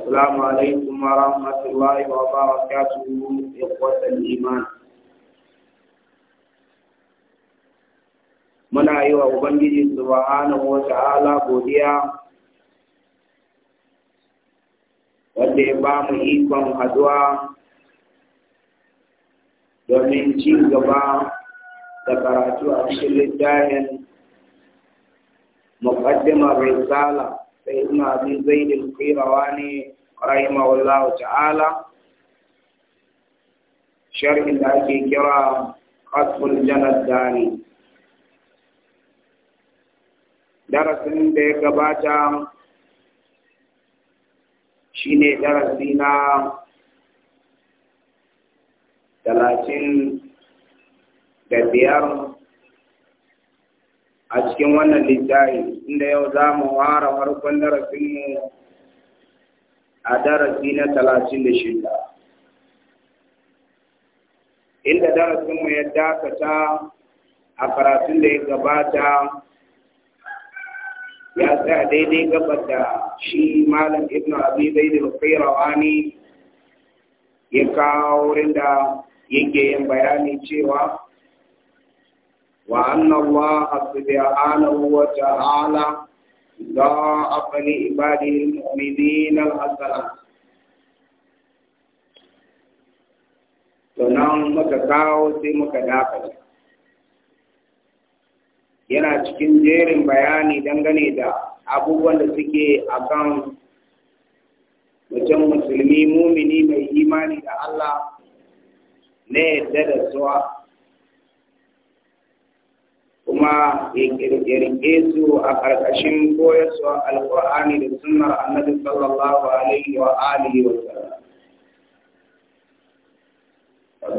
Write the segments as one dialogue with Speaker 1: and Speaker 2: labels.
Speaker 1: السلام عليكم ورحمة الله وبركاته إخوة الإيمان muna yi wa Ubangiji subhanahu wa ta'ala godiya wanda ba mu ikon haduwa domin ci gaba da karatu a cikin littafin muqaddimar risala سيدنا أبي زيد القيرواني رحمه الله تعالى شرح الأكي كرا قصف الجنة الداني darasin da ya gabata shi ne darasi na talatin da biyar a cikin wannan littafi inda yau za mu ware farkon darasinmu a darasi na talatin da shida inda darasinmu ya dakata a karatun da ya gabata ya tsaya daidai gabar da shi malam ibnu abi zaidul ne ya kawo wurin da yake yin bayani cewa وأن الله سبحانه وتعالى ضاعف لعباده المؤمنين الحسنات sannan muka kawo sai muka dakata yana cikin jerin bayani dangane da abubuwan da suke akan mutum musulmi mumini mai imani da Allah na yadda da suwa kuma ya su a ƙarƙashin koyarwa alƙur'ani da sunnar annabi sallallahu alaihi wa alihi wa sallam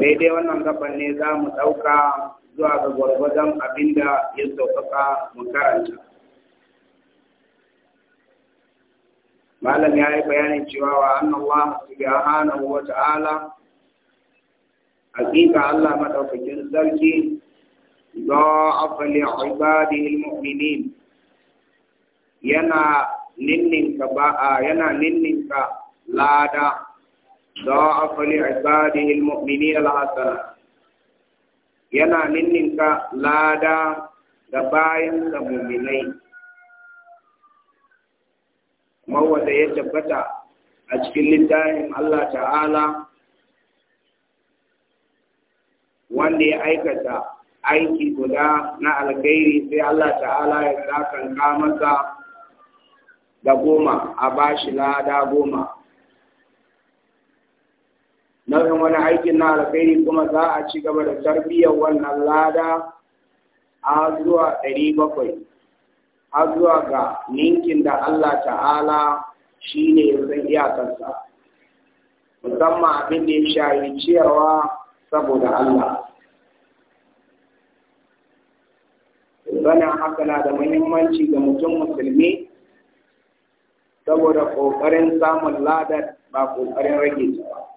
Speaker 1: daidai wannan gaban ne za mu ɗauka zuwa ga gwargwadon abinda ya sauƙaƙa mu karanta malam ya yi bayanin cewa wa annallah subhanahu wa ta'ala hakika Allah maɗaukakin sarki ضاعف لعباده المؤمنين yana ninninka ba yana ninninka lada ضاعف لعباده المؤمنين الحسنة yana ka lada da bayan da muminai mawada ya tabbata a cikin littafin Allah ta'ala wanda ya aikata aiki guda na alkhairi sai Allah ta'ala ya sakanka masa da goma a bashi lada goma nau'in wani aikin na alkhairi kuma za a ci gaba da tarbiyyar wannan lada a zuwa ɗari bakwai har zuwa ga ninkin da Allah ta'ala shi ne san iyakarsa musamman abin da ya shayi ciyarwa saboda Allah sana haka na da muhimmanci ga mutum musulmi saboda ƙoƙarin samun ladar ba ƙoƙarin rage ta ba.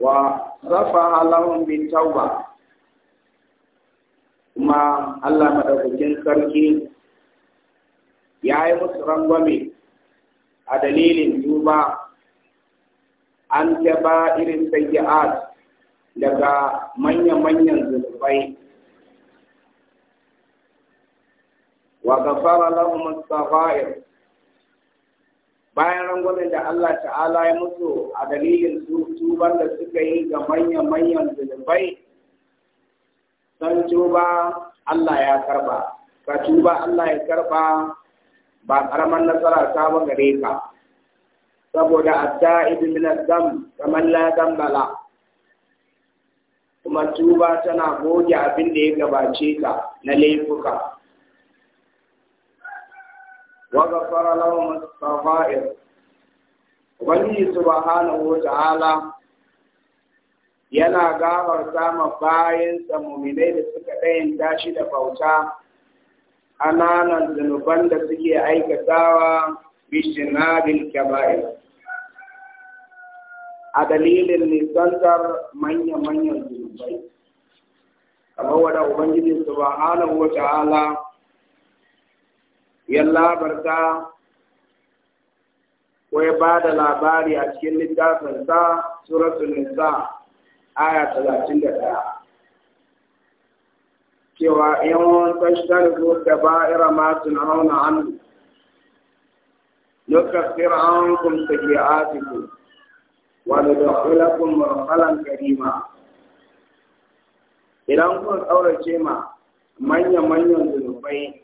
Speaker 1: Wa zafa halahun bin tauba kuma Allah maɗaukakin sarki ya yi musu rangwame a dalilin duba an taɓa irin sayyi'at daga manya-manyan zunubai wa gafara lahum as-saghair bayan rangwamen da Allah ta'ala ya mutu a dalilin tuban da suka yi ga manyan-manyan zunubai san tuba Allah ya karba ka tuba Allah ya karba ba karaman nasara ta ba gare ka saboda at-ta'ib min ad-dam kaman la dambala kuma tuba tana goge abin da ya gabace ka na laifuka وغفر لهم الصغائر ubangiji subhanahu wata'ala yana gafarta ma bayansa muminai da suka ɗayan tashi da bauta ƙananan zunuban da suke aikatawa bishinabil kaba'ir a dalilin nisantar manya-manyan zunubai kamar wadda ubangiji subhanahu wata'ala ya labarta ko ya ba da labari a cikin littafinsa suratul nisa aya talatin da ɗaya cewa yawan tashtar zo da ba'ira masu na hauna hannu nukaffir an kum sayi'atikum wa nudkhilakum marhalan karima idan kun tsaurace ma manya-manyan zunubai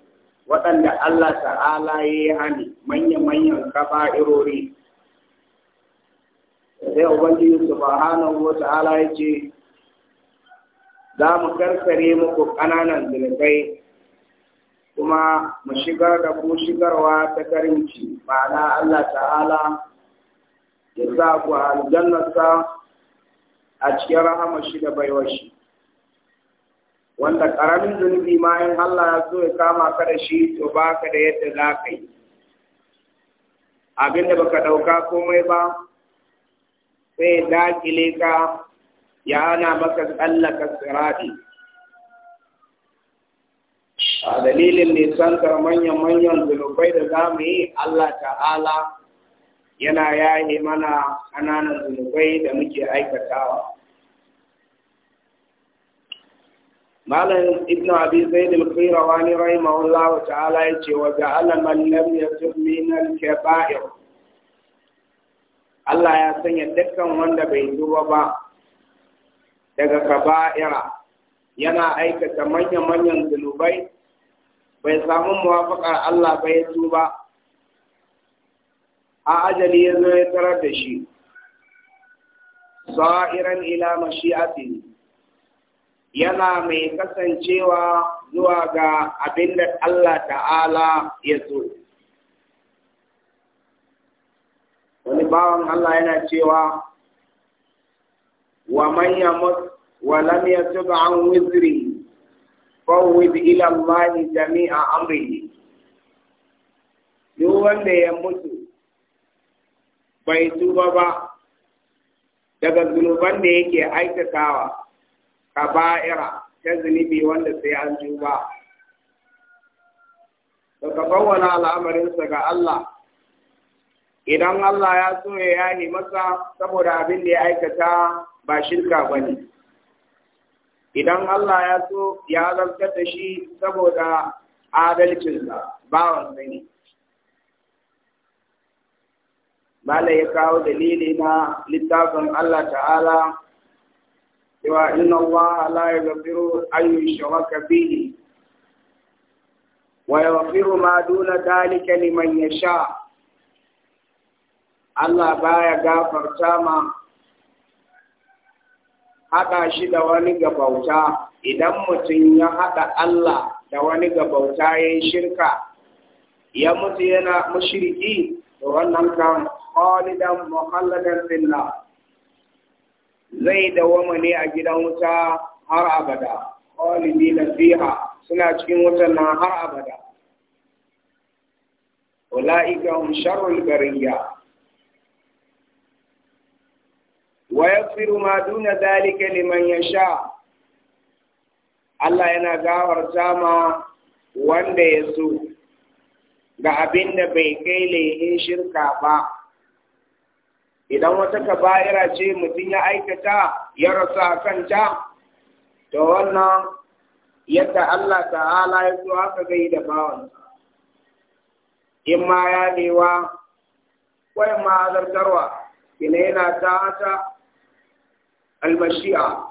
Speaker 1: waɗanda Allah ta'ala ya yi hani manya-manyan kaba'irori sai Ubangiji subhanahu wa ta'ala ya ce za mu karkare muku ƙananan zunubai kuma mu shigar da ku shigarwa ta karinci ma'ana Allah ta'ala ya sa ku aljannarsa a cikin rahama shi da baiwar shi wanda ƙaramin zunubi ma in Allah ya so ya kama ka da shi to ba ka da yadda za ka yi abin da baka ɗauka komai ba sai da dakile ka ya na maka tsallaka sirati a dalilin nisantar manyan-manyan zunubai da za mu yi Allah ta'ala yana yaye mana ƙananan zunubai da muke aikatawa. malam ibn abi zaid al-qayrawani rahimahullahu ta'ala yace wa ja'ala man lam yatub min al-kaba'ir Allah ya sanya dukkan wanda bai duba ba daga kaba'ira yana aikata manya-manyan zunubai bai samu muwafakar Allah ba ya tuba a ajali ya zo ya tarar da shi sa'iran ila mashi'atihi yana mai kasancewa zuwa ga abin da Allah ta'ala ya so. Wani bawan Allah yana cewa, wa manya yamut wa lam yatub an wizri fawwid ila Allah jami'a amrihi duk wanda ya mutu bai tuba ba daga zunuban da yake aikatawa kaba'ira ta zunubi wanda sai an juba Da ka bawana al'amarinsa ga Allah idan Allah ya so ya yani masa saboda abin da ya aikata ba shirka ba ne. Idan Allah ya so ya zartar da shi saboda adalcinsa bawan ne. Bala ya kawo dalili na littafin Allah ta'ala وإن الله لا يغفر أن يشرك به ويغفر ما دون ذلك لمن يشاء Allah baya gafarta ma haɗa shi da wani ga bauta idan mutum ya haɗa Allah da wani ga bauta ya yi shirka
Speaker 2: ya mutu yana
Speaker 1: mushiriki wannan kan khalidan muhalladan fillah zai dawama ne a gidan wuta har abada ƙwalibi na fiha suna cikin wutan na har abada ula'ika sharul sharrul bariya wa fi duna dhalika liman ya sha. Allah yana gawar ma wanda ya so ga abin da bai kai lehin shirka ba idan wata kaba'ira ce mutum ya aikata ya rasa kanta to wannan yadda Allah ta'ala ya so haka zai da bawan in ma ya dewa wai ma zartarwa kina yana ta hata almashi'a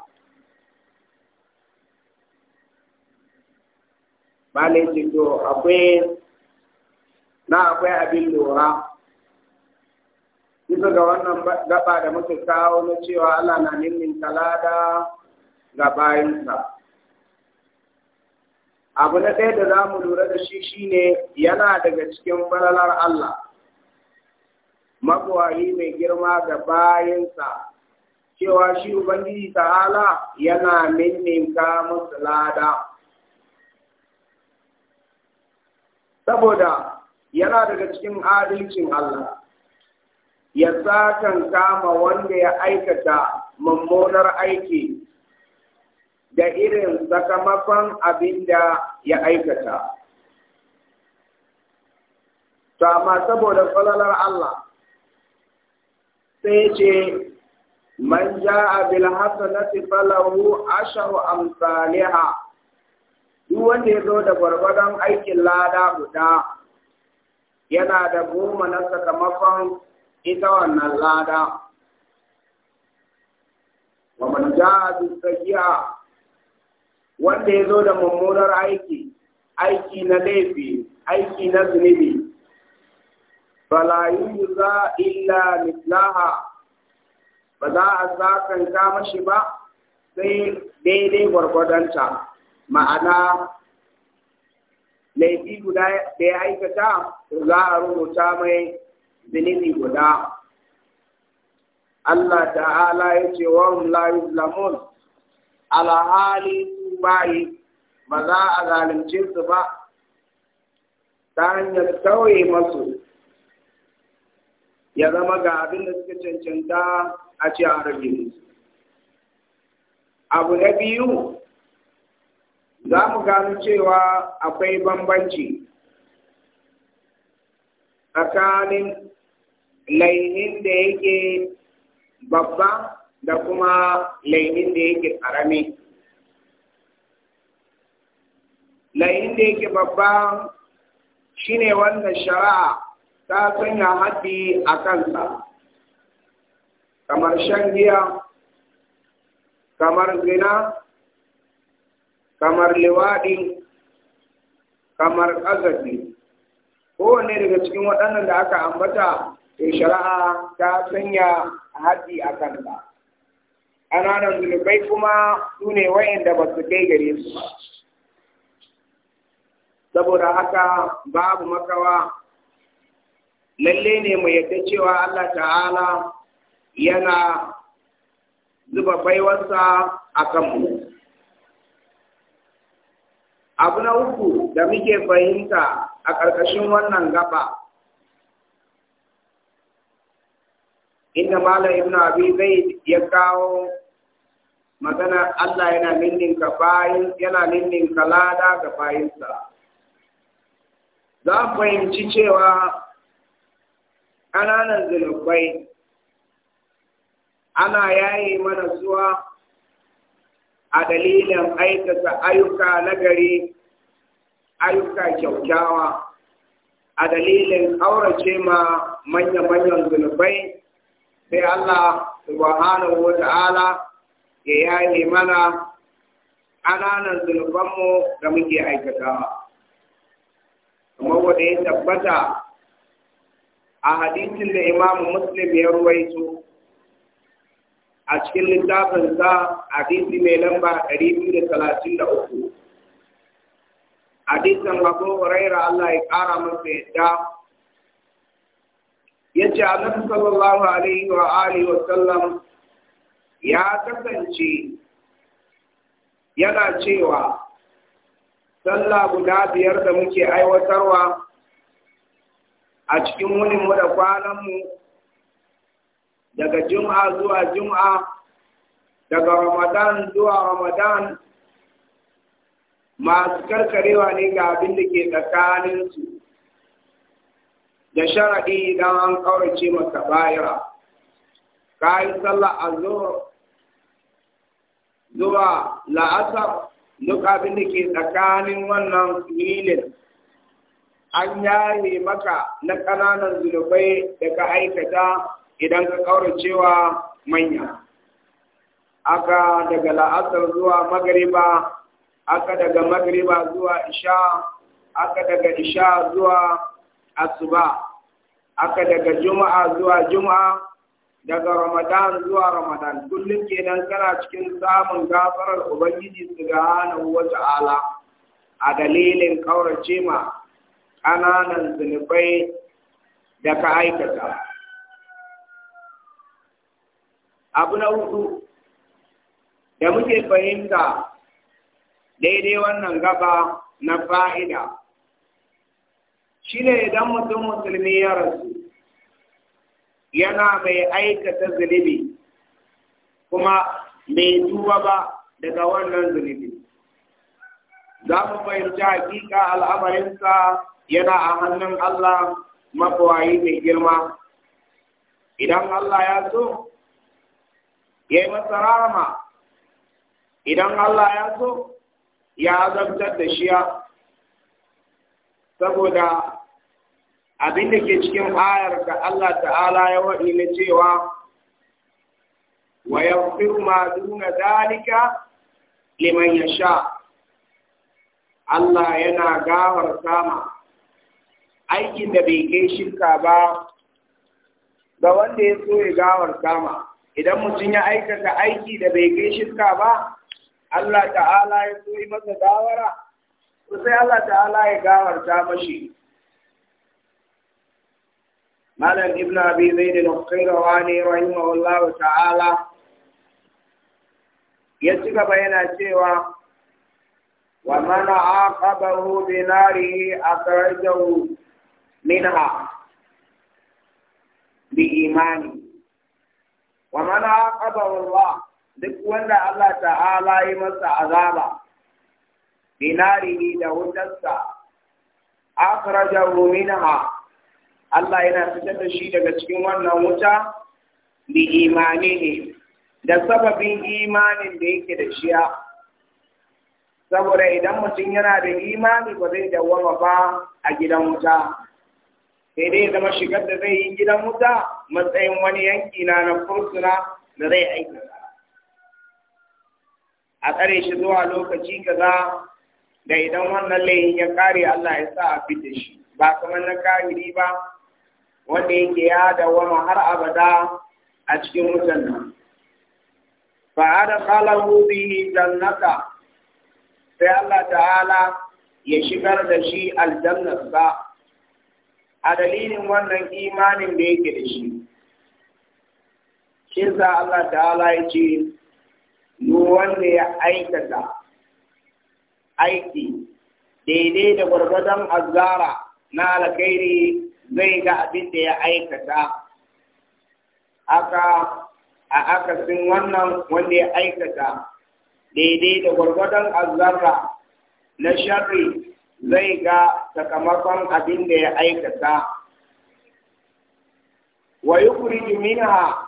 Speaker 1: malai to akwai na akwai abin lura bisa ga wannan gaba da muka kawo na cewa Allah na nimin talada ga bayansa abu na ɗaya da za mu lura da shi shine yana daga cikin falalar Allah magwayi mai girma ga bayansa cewa shi Ubangiji ta'ala yana ninninka musu lada saboda yana daga cikin adalcin Allah ya kan kama wanda ya aikata mummunar aiki da irin sakamakon abin da ya aikata. To, amma saboda falalar Allah, sai ce, Man ja abil hasanati falahu asharu amsaliha duk wanda ya zo da gwargwadon aikin lada guda yana da goma na sakamakon ita wannan lada wa man jaa bisakiya wanda ya zo da mummunar aiki aiki na laifi aiki na zunubi fala yuza illa mislaha ba za a zakanta mashi ba sai daidai gwargwadonta ma'ana laifi guda da ya aikata za a rubuta mai zunubi guda Allah ta'ala ya ce wa la yuzlamun alhali su bayi ba za a zalunce su ba ta hanyar tauye masu ya zama ga abin da suka cancanta a ce a rage abu na biyu za mu gano cewa akwai bambanci tsakanin lainin da yake babba da kuma lainin da yake ƙarami. Lainin da yake babba shi ne wannan shari'a ta sanya haɗi a kansa, kamar shan giya, kamar zina, kamar liwaɗi, kamar ƙazafi. Kowane daga cikin waɗannan da aka ambata to eh, shari'a ta sanya haji a kanta ƙananan zunubai kuma su ne wa'inda ba su kai gare su ba saboda haka babu makawa lalle ne mu yadda cewa Allah ta'ala yana zuba baiwarsa a kanmu abu na uku da muke fahimta a ƙarƙashin wannan gaba inda malam ibnu abi zaid ya kawo magana Allah yana ka bayin yana ninninka lada ga bayinsa za fahimci cewa ƙananan zunubai ana yayi mana zuwa a dalilin aikata ayyuka nagari ayyuka kyaukyawa a dalilin aurace ma manya-manyan zunubai sai Allah subhanahu wa ta'ala ya yaye mana ƙananan zunubanmu da muke aikatawa. Kamar wanda ya tabbata a hadisin da Imam Muslim ya ruwaito a cikin littafinsa hadisi mai lamba 233. Hadisin Abu Huraira Allah ya ƙara masa yadda yace annabi sallallahu alaihi wa alihi wa sallam ya kasance yana cewa sallah guda biyar da muke aiwatarwa a cikin wuninmu da mu daga Juma'a zuwa Juma'a daga ramadan zuwa ramadan masu karkarewa ne ga abin da ke tsakaninsu da sharaɗi idan an ƙaurace maka bayira ka yi sallah a zuwa la'asar duk abin da ke tsakanin wannan milin an yaye maka na ƙananan zunubai da ka aikata idan ka ƙauracewa manya aka daga la'asar zuwa magariba aka daga magariba zuwa isha aka daga isha zuwa asuba aka daga juma'a zuwa juma'a daga ramadan zuwa ramadan kullum kenan kana cikin samun gafarar ubangiji subhanahu wa ta'ala a dalilin kaurace ma ƙananan zunubai da ka aikata abu na hudu da muke fahimta daidai wannan gaba na fa'ida shine idan mutum musulmi ya rasu yana mai aikata zunubi kuma mai tuba ba daga wannan zunubi za mu fahimci hakika al'amarinsa yana a hannun Allah mafawayi mai girma idan Allah ya so ya yi masa rama idan Allah ya so ya azabtar da shiya saboda abin da ke cikin ayar da Allah ta'ala ya waɗi na cewa wa yaghfiru ma duna zalika liman yasha Allah yana gawar sama aikin da bai kai shirka ba ga wanda ya so ya gawar sama idan mutum ya aikata aiki da bai kai shirka ba Allah ta'ala ya so yi masa gawara sai Allah ta'ala ya gawar ta mashi malam ibn abi zaid al-qayrawani rahimahullahu ta'ala ya ci gaba cewa wa man aqabahu bi narihi akhrajahu minha wa duk wanda Allah ta'ala yi masa azaba binari narihi da wutarsa akhrajahu minha Allah yana fitar da shi daga cikin wannan wuta bi imanihi da sababin imanin da yake da shiya saboda idan mutum yana da imani ba zai dawama ba a gidan wuta sai dai zama shigar da zai yi gidan wuta matsayin wani yanki na na fursuna da zai aiki a tsare shi zuwa lokaci kaza da idan wannan layin ya kare Allah ya sa a fita shi ba kamar na kafiri ba wanda yake ya dawama har abada a cikin wutan nan fa adkhalahu bihi jannata sai Allah ta'ala ya shigar da shi aljannar ba a dalilin wannan imanin da yake da shi shi sa Allah ta'ala ya ce wanda ya aikata aiki daidai da gwargwadon azara na alkhairi zai ga abin da ya aikata aka a akasin wannan wanda ya aikata daidai da gwargwadon azzarra na sharri zai ga sakamakon abin da ya aikata wa yukhriju minha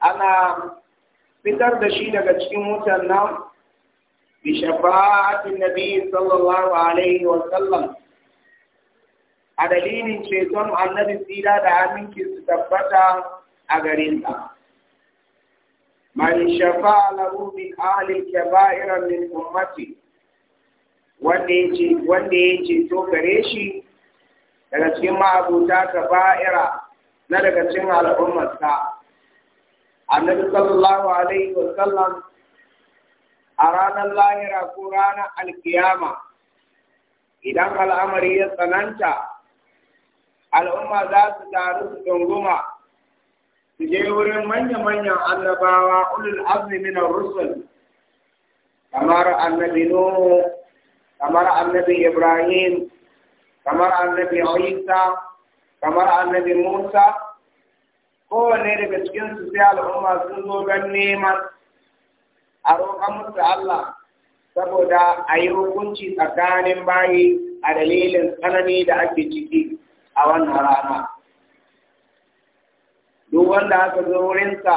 Speaker 1: ana fitar da shi daga cikin mutanen nan bi shafa'atin nabi sallallahu alaihi wa sallam a dalilin ceton annabi tsira da aminki su tabbata a ta. Man shafa lahu min ahli kaba'ira min ummati wanda ya wanda to gare shi daga cikin ma'abuta kaba'ira na daga cikin al'ummarsa. Annabi sallallahu alaihi wa sallam a ranar lahira ko ranar alkiyama idan al'amari ya tsananta al'umma za su taru su tunguma su je wurin manya-manyan annabawa ulul azmi min rusul kamar annabi nuhu kamar annabi ibrahim kamar annabi isa kamar annabi musa kowanne daga cikin su sai al'umma sun zo gan neman a roƙa musu Allah saboda a yi hukunci tsakanin bayi a dalilin tsanani da ake ciki a wannan rana duk wanda aka zo wurin wurinsa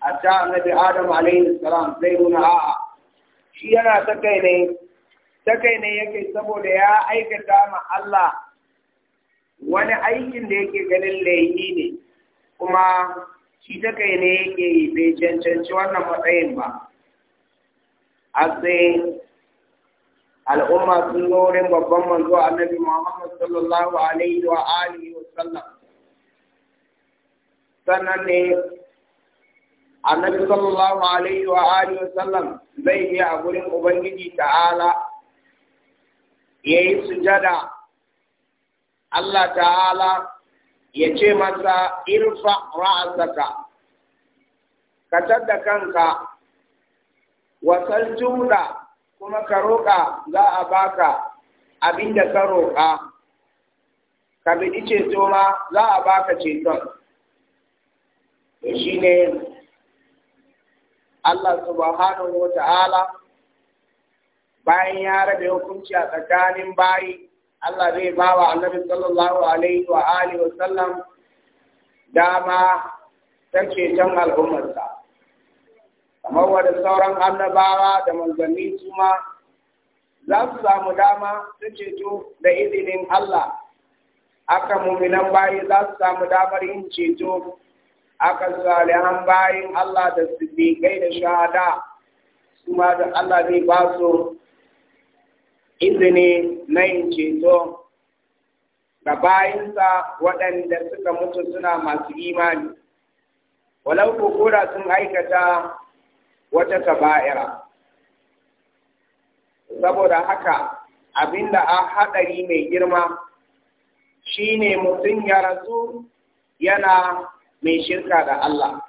Speaker 1: a ta annabi adam alaihi salam zai nuna a'a shi yana ta kai ne ta ne yake saboda ya aikata ma Allah wani aikin da yake ganin laifi ne kuma shi ta kai ne yake bai cancanci wannan matsayin ba a al'umma sun zo wurin babban manzo annabi Muhammad sallallahu alaihi wa alihi wa sallam sannan ne annabi sallallahu alaihi wa alihi wa sallam zai je a gurin ubangiji ta'ala yayi sujada Allah ta'ala ya ce masa irfa ra'asaka ka tadda kanka wasal juna. kuma ka roƙa za a baka abin da ka roƙa ka biɗi ceto ma za a baka ceton to shi ne Allah subhanahu wa ta'ala bayan ya rabe hukunci a tsakanin bayi Allah zai ba wa annabi sallallahu alaihi wa wa sallam dama ta ceton al'ummarsa kamar da sauran annabawa da manzanni su ma za su samu dama su ceto da izinin Allah aka muminan bayi za su samu damar yin ceto aka salihan bayin Allah da kai da shahada su ma da Allah zai ba su izini na yin ceto ga bayinsa waɗanda suka mutu suna masu imani walau kokora sun aikata wata kaba'ira saboda haka abinda a haɗari mai girma shine mutum ya rasu yana mai shirka da Allah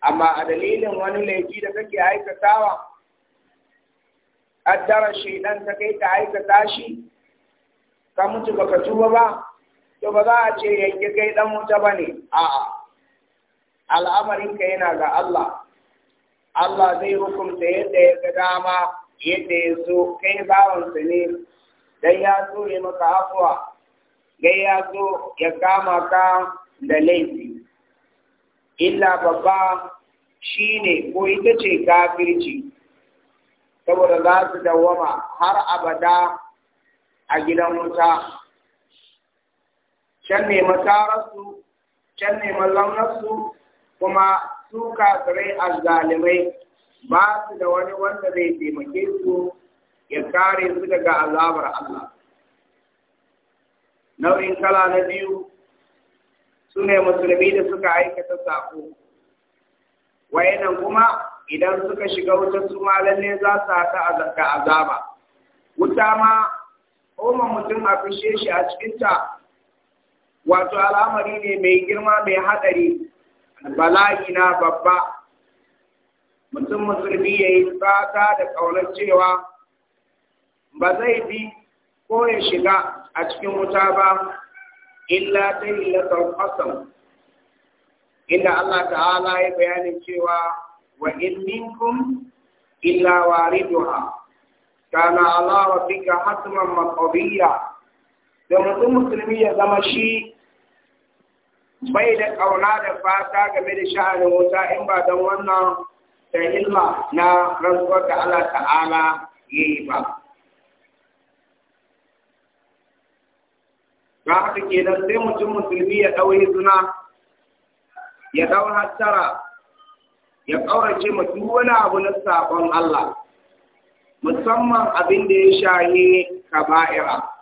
Speaker 1: amma a dalilin wani laifi da kake aikatawa addara shaidan ta kai ta aikata shi ka mutu baka tuba ba to ba za a ce yanke kai dan wuta bane a'a al'amarin ka yana ga Allah Allah zai hukunta yadda ya ga dama yadda ya zo kai su ne dan ya zo ya maka afuwa dai ya zo ya kama ka da laifi illa babba shine ko ita ce kafirci saboda za su dawama har abada a gidan wuta can ne masararsu can ne mazaunarsu kuma su kafirai azzalimai ba su da wani wanda zai taimake su ya kare su daga azabar Allah nau'in kala na biyu su ne musulmi da suka aikata sako wayanan kuma idan suka shiga wuta su ma lalle za su haɗa ga azaba wuta ma koma mutum a fishe shi a cikinta wato al'amari ne mai girma mai haɗari bala'i na babba mutum musulmi ya yi fata da ƙaunar cewa ba zai bi ko ya shiga a cikin wuta ba illa ta yi latar inda Allah ta'ala ya bayanin cewa wa in minkum illa wariduha kana ala rabbika hatman maqdiya da mutum musulmi ya zama shi bai da ƙauna da fata game da sha'anin wuta in ba don wannan da ilma na rantsuwar da Allah ta'ala ya yi ba. Ba haka nan sai mutum musulmi ya ɗau hizuna, ya ɗau hattara, ya ƙaurace ma wani abu na sabon Allah, musamman abin da ya shaye kaba'ira.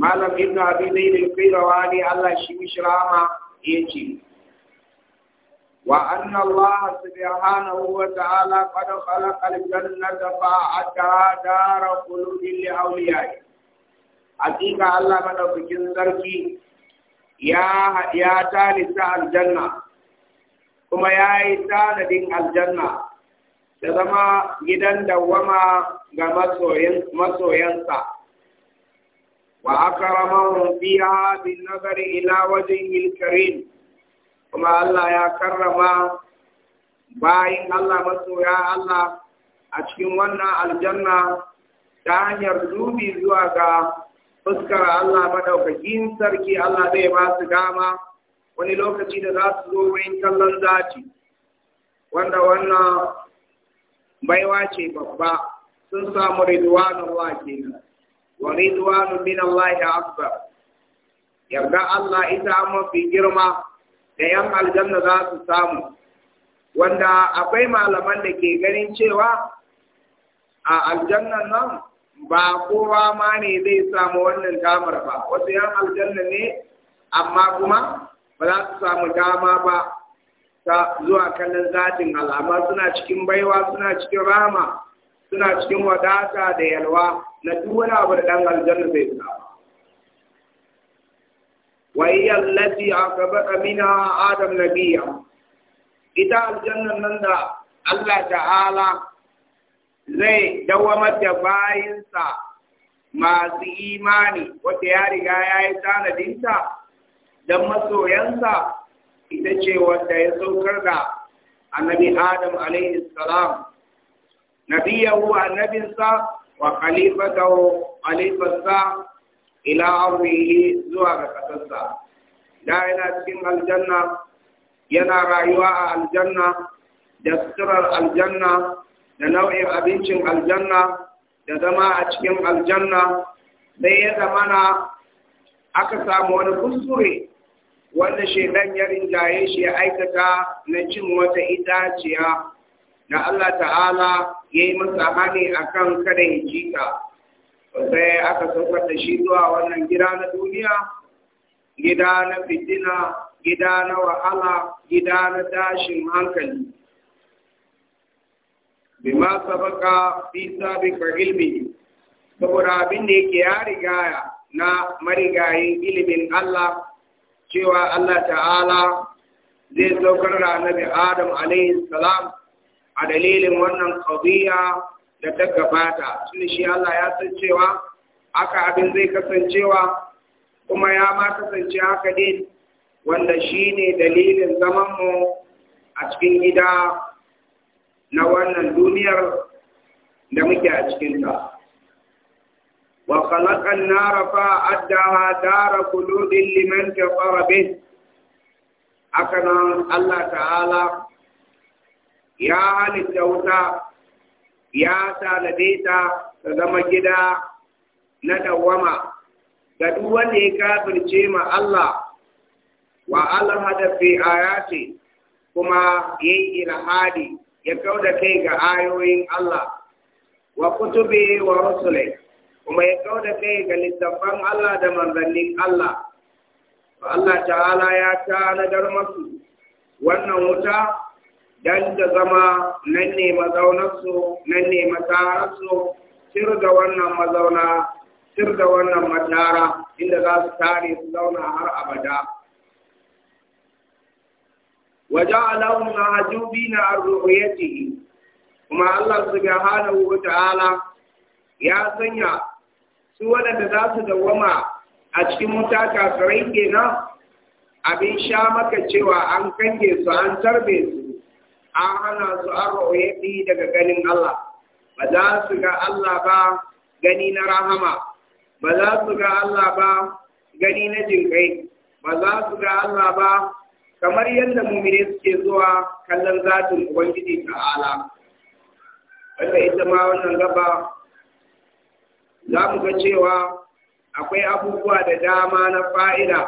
Speaker 1: malam ibn abi zaid al-qayrawani Allah shi mishrama yace wa anna Allah subhanahu wa ta'ala qad khalaqa al-jannata fa'ata dara qulubil awliya'i hakika Allah bikin sarki ya ya al aljanna kuma ya yi tanadin aljanna da zama gidan dawama ga masoyansa وأكرمهم فيها بالنظر إلى وجهه الكريم وما الله يا كرم باين Allah a cikin wannan aljanna ta hanyar dubi zuwa ga fuskar Allah madaukakin sarki Allah zai ba su wani lokaci da za su zo wurin kallon zaci
Speaker 2: wanda wannan
Speaker 1: baiwa ce babba sun samu ridwanullah kenan Wani ridwanu min Allah akbar yarda Allah ita mafi girma da yan aljanna za su samu wanda akwai malaman da ke ganin cewa a aljanna nan ba kowa ma ne zai samu wannan damar ba wasu yan aljanna ne amma kuma ba za su samu dama ba ta zuwa kallon zatin alama suna cikin baiwa suna cikin rama suna cikin wadata da yalwa na duwana abin ɗan aljanna zai sa
Speaker 2: wayyar lati a amina
Speaker 1: adam na biya ita aljanna nan da allah ta'ala zai dawamar da bayinsa masu imani wata ya riga ya yi tanadinta don masoyansa ita ce wanda ya saukar da annabi adam alaihi salam Nabiya, wu wa Nabisa wa Khalifa da Khalifasa, illa haro-yiri zuwa da ƙasarsa. Da yana cikin aljanna, yana rayuwa a aljanna, da suturar aljanna, da nau'in abincin aljanna, da zama a cikin aljanna. Sai yadda mana aka samu wani kuskure, wanda shi zan yarinda ya yi shi ya aikata na cin wata itaciya da Allah ta'ala ya yi masa hani a kan kada ya jita sai aka saukar da shi zuwa wannan gida na duniya gida na fitina gida na wahala gida na tashin hankali bima sabaka fi sabiqa ilmi saboda abin da yake ya rigaya na marigayin ilimin Allah cewa Allah ta'ala zai saukar da annabi Adam alaihi salam a dalilin wannan qadiya da ta gabata tun shi Allah ya san cewa aka abin zai kasancewa kuma ya ma kasance haka din wanda shine dalilin zaman mu a cikin gida na wannan duniyar da muke a cikinta. Wa khalaqan nara fa addaha dara kulubin liman kafara bih. aka nan Allah ta'ala ya da wuta ya tanade ta ta zama gida na dawama ga duk wanda ya kafirce ma Allah wa alhada fi ayati kuma yayi ilhadi ya kauda kai ga ayoyin Allah wa kutubi wa rusuli kuma ya kauda kai ga littafan Allah da manzannin Allah Allah ta'ala ya tanadar masu wannan wuta dan ta zama nan ne mazaunarsu nan ne matararsu sir da wannan mazauna sir da wannan matara inda za su tare su zauna har abada na معجوبين عن رؤيته kuma Allah subhanahu wa ta'ala ya sanya su waɗanda za su dawama a cikin wuta kafirai kenan abin sha maka cewa an kange su an tarbe su an hana su an ru'yati daga ganin Allah ba za su ga Allah ba gani na rahama ba za su ga Allah ba gani na jinkai ba za su ga Allah ba kamar yadda mumine suke zuwa kallon zatin Ubangiji ala
Speaker 2: wanda ita ma wannan gaba
Speaker 1: za mu ga cewa akwai abubuwa da dama na fa'ida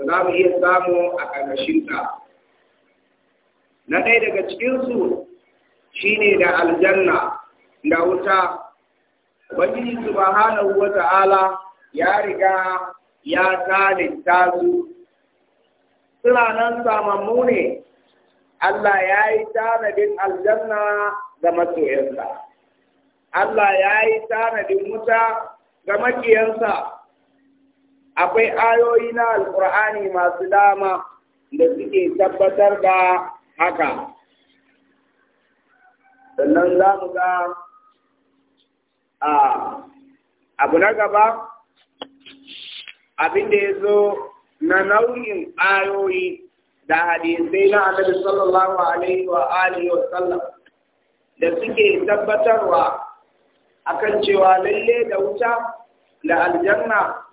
Speaker 1: da za mu iya samu a ƙarƙashinta. na ɗaya daga cikinsu ne da aljanna da wuta ubangiji subhanahu wa ta'ala ya riga ya ta su suna nan samammu ne Allah ya yi tanadin aljanna ga masoyansa Allah ya yi tanadin wuta ga makiyansa akwai ayoyi na alkur'ani masu dama da suke tabbatar da haka sannan za mu ga ah, abu na gaba abin da ya zo na nau'in ayoyi da hadisai na annabi sallallahu alaihi wa alihi wa sallam da suke tabbatarwa akan cewa lalle da wuta da aljanna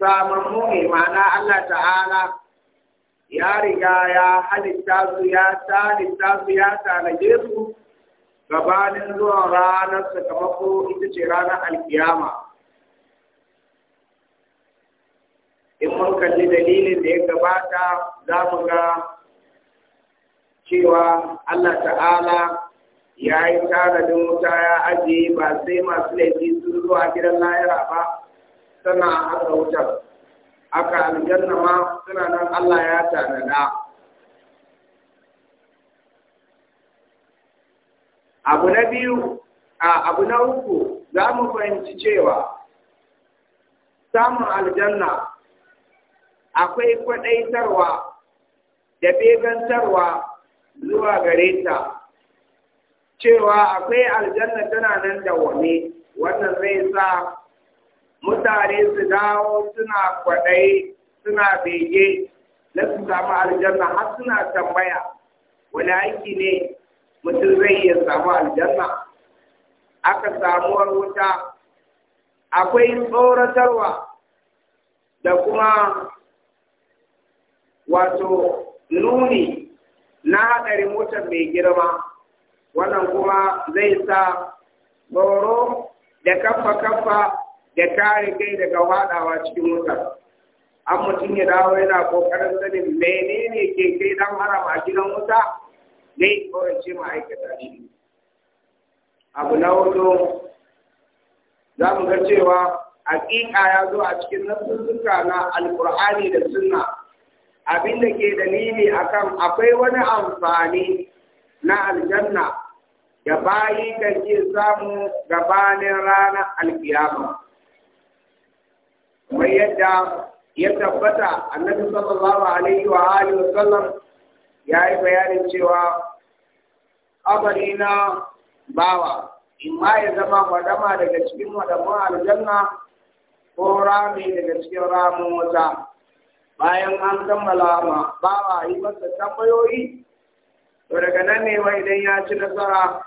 Speaker 1: samammu ne ma'ana Allah ta'ala ya riga ya halitta su ya halitta su ya tanaje su gabanin zuwa ranar sakamako ita ce ranar alkiyama in mun kalli dalilin da ya gabata za mu ga cewa Allah ta'ala ya yi tanadin wuta ya ajiye ba sai masu laifi sun zuwa gidan layara ba sana haka wutar aka aljanna ma suna nan Allah ya tanada abu na biyu a abu na uku za mu fahimci cewa samun aljanna akwai kwaɗaitarwa da begantarwa zuwa gare ta cewa akwai aljanna tana nan da wane wannan zai sa mutane su dawo suna kwaɗayi suna bege na su samu aljanna har suna tambaya wani aiki ne mutum zai iya samu aljanna aka samuwar wuta akwai tsoratarwa da kuma wato nuni na haɗari motar mai girma wannan kuma zai sa tsoro da kafa-kafa ya kare kai daga waɗawa cikin wutar an mutum ya dawo yana kokarin sanin menene ke kai dan haram a gidan wuta dai korace ma'aikata shi abu na hudu za mu ga cewa hakika ya zo a cikin nasussuka na alkur'ani da sunna abin da ke dalili akan akwai wani amfani na aljanna da bayi kan iya samu gabanin ranar alkiyama wayyadda yadda ya tabbata annabi sallallahu alaihi wa alihi wa sallam ya yi bayanin cewa abarina na bawa ma ya zama wadama daga cikin wadamun aljanna ko rami daga cikin ramin wuta bayan an kammala ma bawa yi masa tambayoyi to daga nan ne wa idan ya ci nasara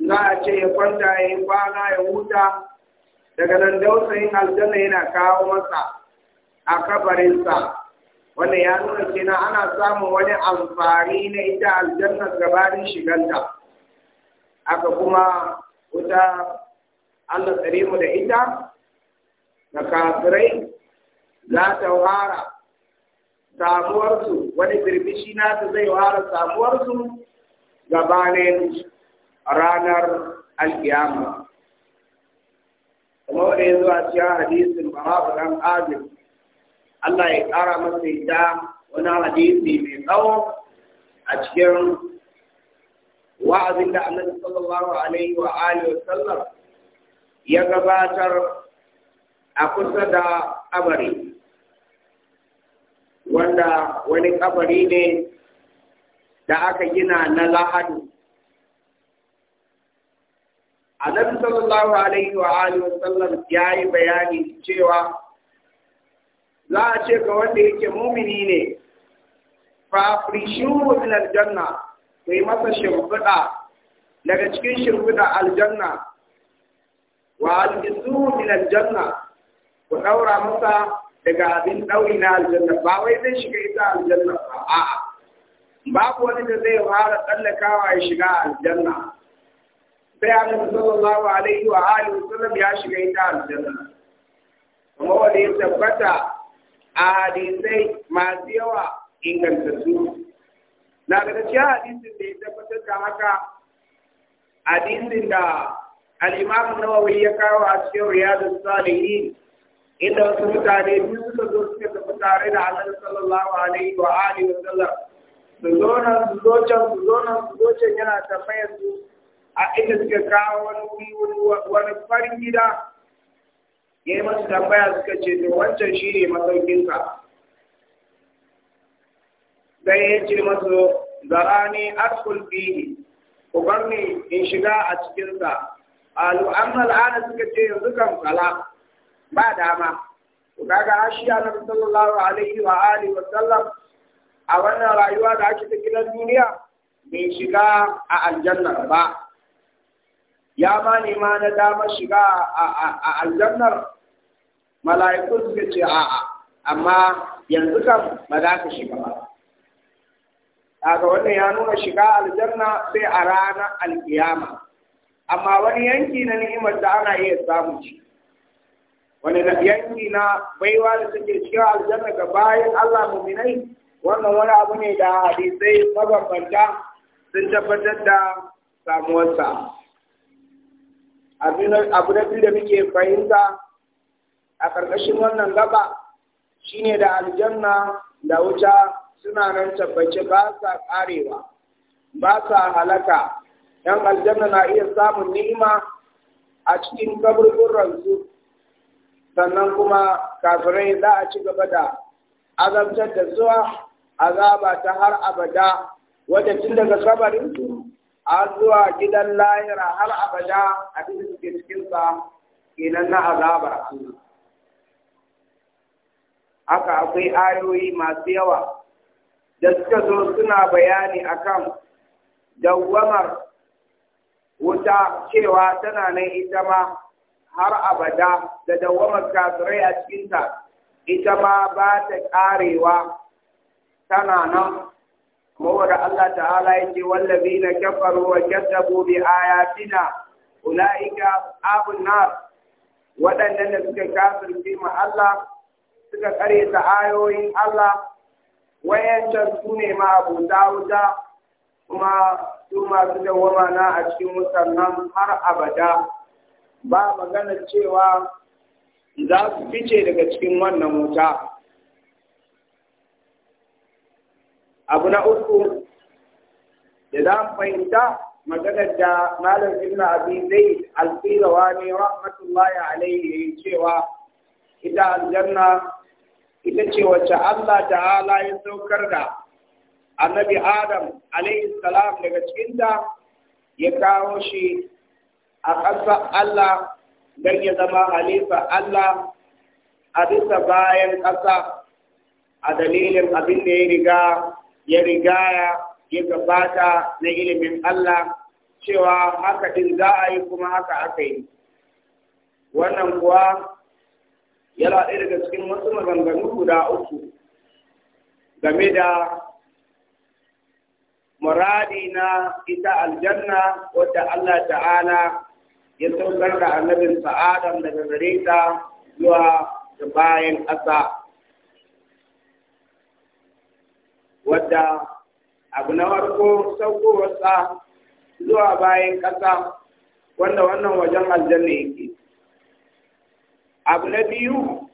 Speaker 1: za a ce ya kwanta ya yi kwana ya huta daga nan dausayin aljanna yana kawo masa a kabarinsa wanda ya nuna kenan ana samun wani amfani na ita aljanna gabanin shiganta aka kuma wuta Allah tsare da ita da kafirai za ta wara samuwarsu wani birbishi nasu zai wara samuwarsu gabanin ranar alkiyama kamar ya zuwa cikin hadisin ba dan azib Allah ya ƙara masa ita wani hadisi mai tsawo a cikin wa'azin da Allah sallallahu alaihi wa alihi wa sallam ya gabatar a kusa da kabari wanda wani kabari ne da aka gina na lahadu annabi sallallahu alaihi wa alihi wasallam ya yi bayani cewa za a ce ga wanda yake mumini ne fa frishu min aljanna kai yi masa shimfiɗa daga cikin shimfiɗa aljanna wa aljisu min aljanna ku ɗaura masa daga abin ɗauri na aljanna ba wai zai shiga ita aljanna ba a'a babu wani da zai fara tsallakawa ya shiga aljanna sai annabi sallallahu alaihi wa alihi wasallam ya shiga ita aljanna kuma wanda ya tabbata a hadisai masu yawa inganta ingantattu na daga cikin hadisin da ya tabbatar da haka hadisin da al-imam nawawi ya kawo a cikin riyadus salihin inda wasu mutane biyu suka zo suka tafi tare da annabi sallallahu alaihi wa alihi wasallam su zo nan su zo can su zo nan su zo can yana tambayar su a inda suka kawo wani wuri wani farin gida ya yi masu tambaya suka ce to wancan shi ne masaukinka sai ya ce masu zarani askul fihi ku bar ni in shiga a cikinsa alu amma al'ada suka ce yanzu kan kala ba dama ku kaga ashiya na sallallahu alaihi wa alihi wa sallam a wannan rayuwa da ake ta gidan duniya bai shiga a aljanna ba ya ba ne ma na damar shiga a aljannar mala'iku suka ce a'a amma yanzu kam ba za ka shiga ba ga wannan ya nuna shiga aljanna sai a ranar alkiyama amma wani yanki na ni'imar da ana iya samu ci wani yanki na baiwa da suke cikin aljanna ga bayan Allah muminai wannan wani abu ne da hadisai mabambanta sun tabbatar da samuwarsa abu na biyu da muke fahimta a ƙarƙashin wannan gaba shine da aljanna da wuta suna nan tabbace ba sa ƙarewa ba sa halaka yan aljanna na iya samun ni'ima a cikin kaburburansu sannan kuma kafirai za a ci gaba da azabtar da zuwa azaba ta har abada wadda tun daga kabarinsu har zuwa gidan lahira har abada a cikin suke kenan na azabar Allah. Haka akwai ayoyi masu yawa da suka zo suna bayani akan dawwamar wuta cewa tana nan ita ma har abada da dawwamar kafirai a cikinta ita ma ba ta karewa tana nan mawada Allah ta'ala yake wallabi na kafaru wa kyattabu bi ayatina ulaika abun na waɗannan da suka fi ma Allah suka kare ta ayoyin Allah wayancan su ne ma abuta wuta kuma su masu dawama na a cikin nan har abada ba magana cewa za su fice daga cikin wannan wuta abu na uku da za mu fahimta maganar da malam ibn abi zaid alfirawa ne rahmatullahi alaihi cewa ita aljanna ita ce wacce Allah ta'ala ya saukar da annabi adam alaihi salam daga cikinta ya kawo shi a ƙasa Allah don ya zama halifa Allah a bisa bayan ƙasa a dalilin abin da ya riga ya rigaya ya gabata na ilimin Allah cewa haka din za a yi kuma haka aka yi wannan kuwa yana ɗaya daga cikin wasu maganganu guda uku game da muradi na ita aljanna wadda Allah ta'ala ya saukar da annabin sa'adam daga gare ta zuwa da bayan ƙasa. wadda abu na farko saukowarsa zuwa bayan ƙasa wanda wannan wajen aljanna yake abu na biyu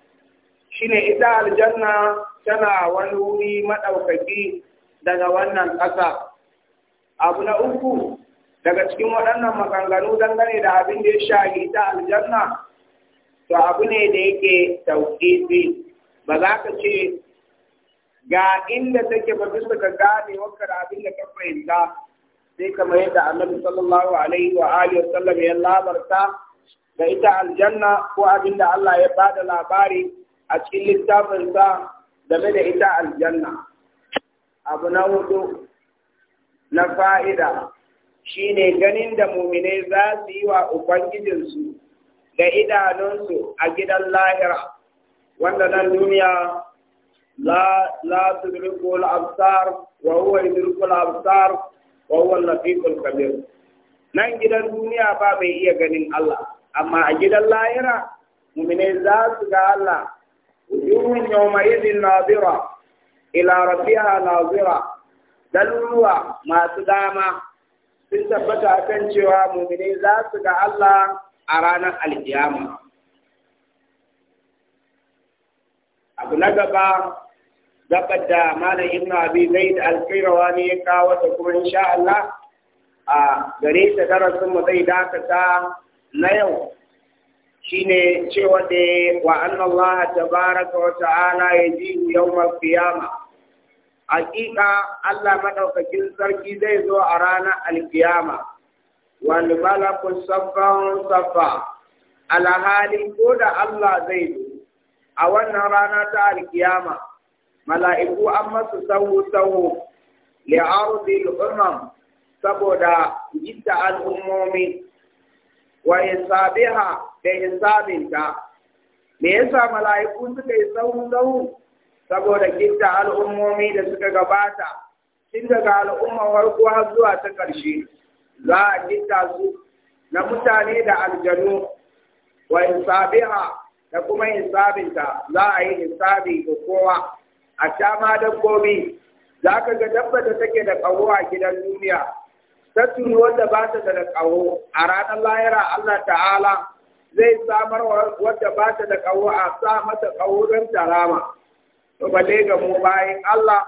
Speaker 1: shine ita aljanna tana wani wuri maɗaukaki daga wannan ƙasa abu na uku daga cikin waɗannan maganganu dangane da abin da ya shahi ita aljanna to abu ne da yake tauƙifi ba za ka ce ga inda take ba bisa ka gane wakar abin da ka fahimta sai kama yadda annabi sallallahu alaihi wa alihi sallam ya labarta da ita aljanna ko abin da Allah ya bada labari a cikin littafinsa game da ita aljanna abu na hudu na fa'ida shine ganin da muminai za su yi wa ubangijinsu da idanunsu a gidan lahira wanda nan duniya لا لا تدركه الأبصار وهو يدرك الأبصار وهو اللطيف الخبير nan gidan duniya ba bai iya ganin Allah amma a gidan lahira muminai za su ga Allah wujuhun yawma idhin nazira ila rabbiha nazira dalluwa masu dama sun tabbata kan cewa muminai za su ga Allah a ranar alkiyama abu na gabar da malam ibn abi zaid al ne ya kawo ta kuma insha Allah a gare ta darasin mu zai dakata na yau shine cewa da wa anna Allah tabaraka wa ta'ala yajibu yawmal qiyama haƙiƙa Allah maɗaukakin sarki zai zo a ranar alkiyama wal malaku saffan saffa alhali ko da Allah zai zo a wannan rana ta alkiyama mala'iku an masu sahu-sahu li'arudil umam saboda gita al'ummomi wa hisabiha da ta. me yasa mala'iku suka yi sahu-sahu saboda gita al'ummomi da suka gabata tun daga al'umman farko har zuwa ta ƙarshe za a gita su na mutane da aljanu wa hisabiha da kuma hisabinta za a yi hisabi ga kowa a sha ma dabbobi za ka ga dabba take da ƙaho a gidan duniya ta wanda ba ta da ƙaho a ranar lahira Allah ta'ala zai samar wanda ba ta da ƙaho a sa mata ƙaho don tarama to balle ga mu bayan Allah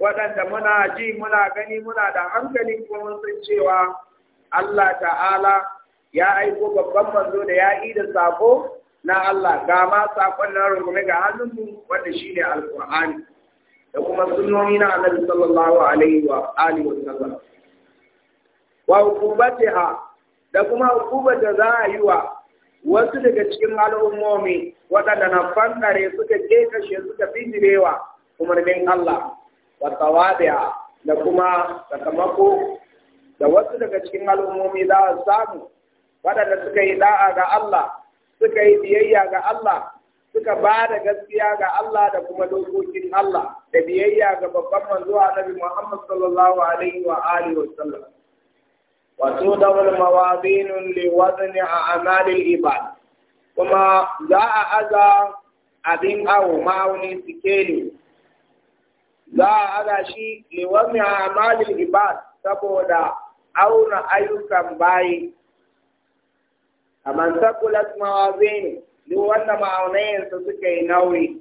Speaker 1: waɗanda muna ji muna gani muna da hankali kuma mun cewa Allah ta'ala ya aiko babban manzo da ya yi da sako na Allah ga ma sakon na rungume ga hannunmu wanda ne alƙur'ani da kuma sunnoni na annabi sallallahu alaihi wa alihi wa sallam wa hukubatiha da kuma hukubar za a yi wa wasu daga cikin al'ummomi waɗanda na fankare suka kekashe suka bijirewa umarnin Allah wa tawadiya da kuma sakamako da wasu daga cikin al'ummomi za a samu waɗanda suka yi da'a ga Allah suka yi biyayya ga Allah suka ba da gaskiya ga Allah da kuma dokokin Allah da biyayya ga babban manzo Annabi Muhammad sallallahu alaihi wa alihi wa sallam wa wal mawazin li wazni a'mal al-ibad kuma za a aza abin awo ma'auni sikeli za a aza shi li wazni a'mal al-ibad saboda auna ayyukan bayi man sakulat mawazin duk wanda ma'aunayensa suka yi nauyi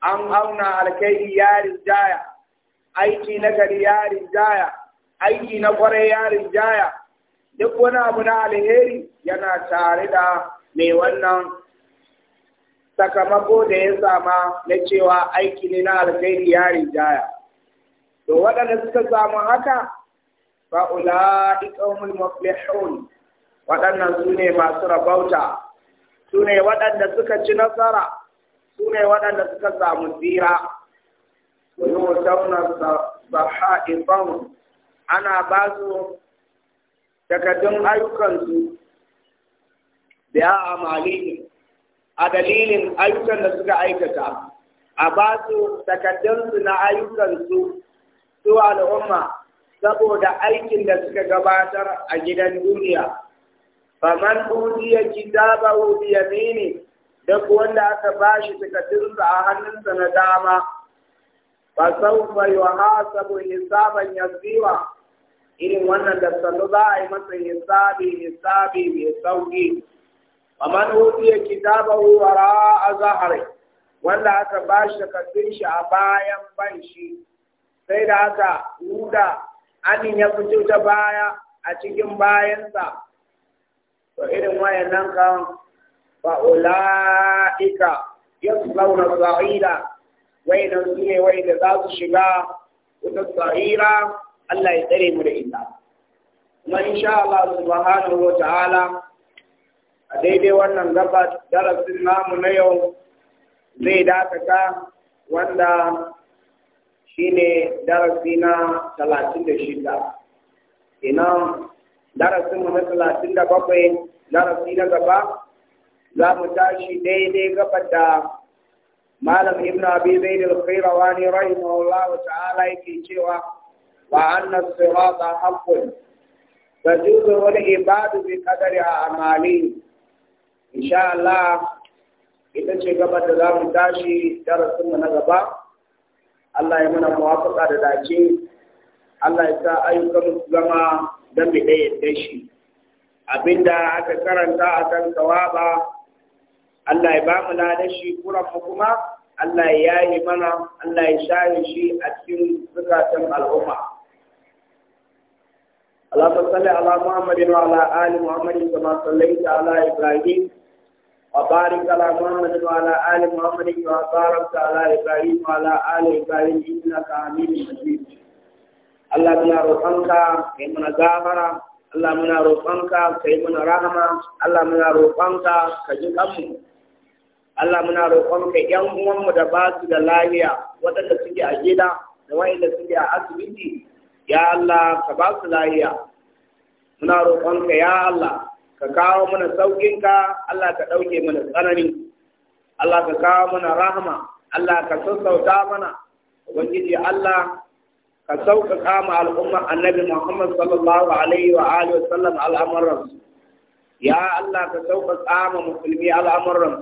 Speaker 1: an auna alkaidi ya rinjaya aiki na gari ya rinjaya aiki na kwarai ya rinjaya duk wani abu na alheri yana tare da mai wannan sakamako da ya sama na cewa aiki ne na alkaidi ya rinjaya to waɗanda suka samu haka fa ikon qaumul waɗannan su ne masu rabauta su ne waɗanda suka ci nasara su ne waɗanda suka samu tsira kunu tauna sahaifan ana ba su takardun ayyukansu biya a mali a dalilin ayyukan da suka aikata a ba su takardunsu na ayyukansu su al'umma saboda aikin da suka gabatar a gidan duniya faman udiya kitabahu bi yamini duk wanda aka bashi takaddunsa a hannunsa na dama fa sawfa yuhasabu hisaban yasira irin wannan da sannu za a yi masa hisabi hisabi mai sauki faman udiya kitabahu wara azhari wanda aka bashi takaddun shi a bayan ban shi sai da aka huda anin ya fito ta baya a cikin bayansa to irin wayannan kan fa ulaika yaslawna sa'ira wayannan su ne wayanda za su shiga wutar sa'ira Allah ya tsare mu da ita kuma insha Allah subhanahu wa ta'ala a daidai wannan gaba darasin namu na yau zai dakata wanda shine darasi na talatin da shida. Ina darasin mu na talatin da bakwai darasi na gaba za mu tashi daidai gaba da malam ibn abi zaid al-khairawani rahimahullah ta'ala yake cewa wa anna sirata haqqun tajuzu wal ibadu bi qadri a'mali insha Allah ita ce gaba da za mu tashi darasin mu na gaba Allah ya mana muwafaqa da dace Allah ya sa ayyukan zama don mu ɗaya da shi Abinda aka karanta a kan tawaba Allah ya ba mu da shi kuran mu kuma Allah ya yi mana Allah ya share shi a cikin zukatan al'umma Allahumma salli ala Muhammadin wa ala ali Muhammadin kama sallaita ala Ibrahim
Speaker 2: wa barik ala Muhammadin wa ala ali
Speaker 1: Muhammadin wa barakta ala Ibrahim wa ala ali Ibrahim innaka Hamidum Majid Allah muna roƙonka ka yi mana gafara Allah muna roƙonka ka yi mana rahama Allah muna roƙonka ka ji kanmu Allah muna roƙonka ƴan uwanmu da ba su da lahiya waɗanda suke a gida da waɗanda suke a asibiti ya Allah ka ba su lahiya muna roƙonka ya Allah ka kawo mana sauƙinka Allah ka ɗauke mana tsanani Allah ka kawo mana rahama Allah ka sassauta mana Ubangiji Allah ka sauƙaƙa ma al'umma annabi Muhammad sallallahu alaihi wa alihi wa sallam al'amuran ya Allah ka sauƙaƙa ma musulmi al'amuran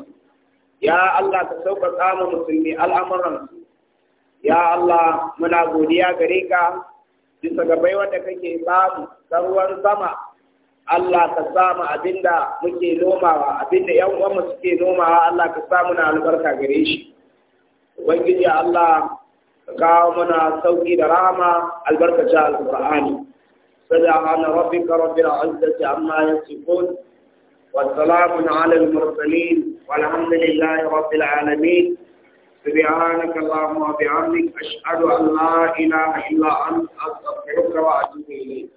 Speaker 1: ya Allah ka sauƙaƙa ma musulmi al'amuran ya Allah muna godiya gare ka bisa ga baiwar da kake samu ruwan sama Allah ka samu abinda muke nomawa abinda yan uwanmu suke nomawa Allah ka samu na albarka gare shi ubangiji Allah kawo سوكي دراما البركة rahama القرآن سبحان ربك رب العزة عما يصفون والسلام على المرسلين والحمد لله رب العالمين سبحانك اللهم وبحمدك أشهد أن لا إله إلا أنت أستغفرك وأتوب إليك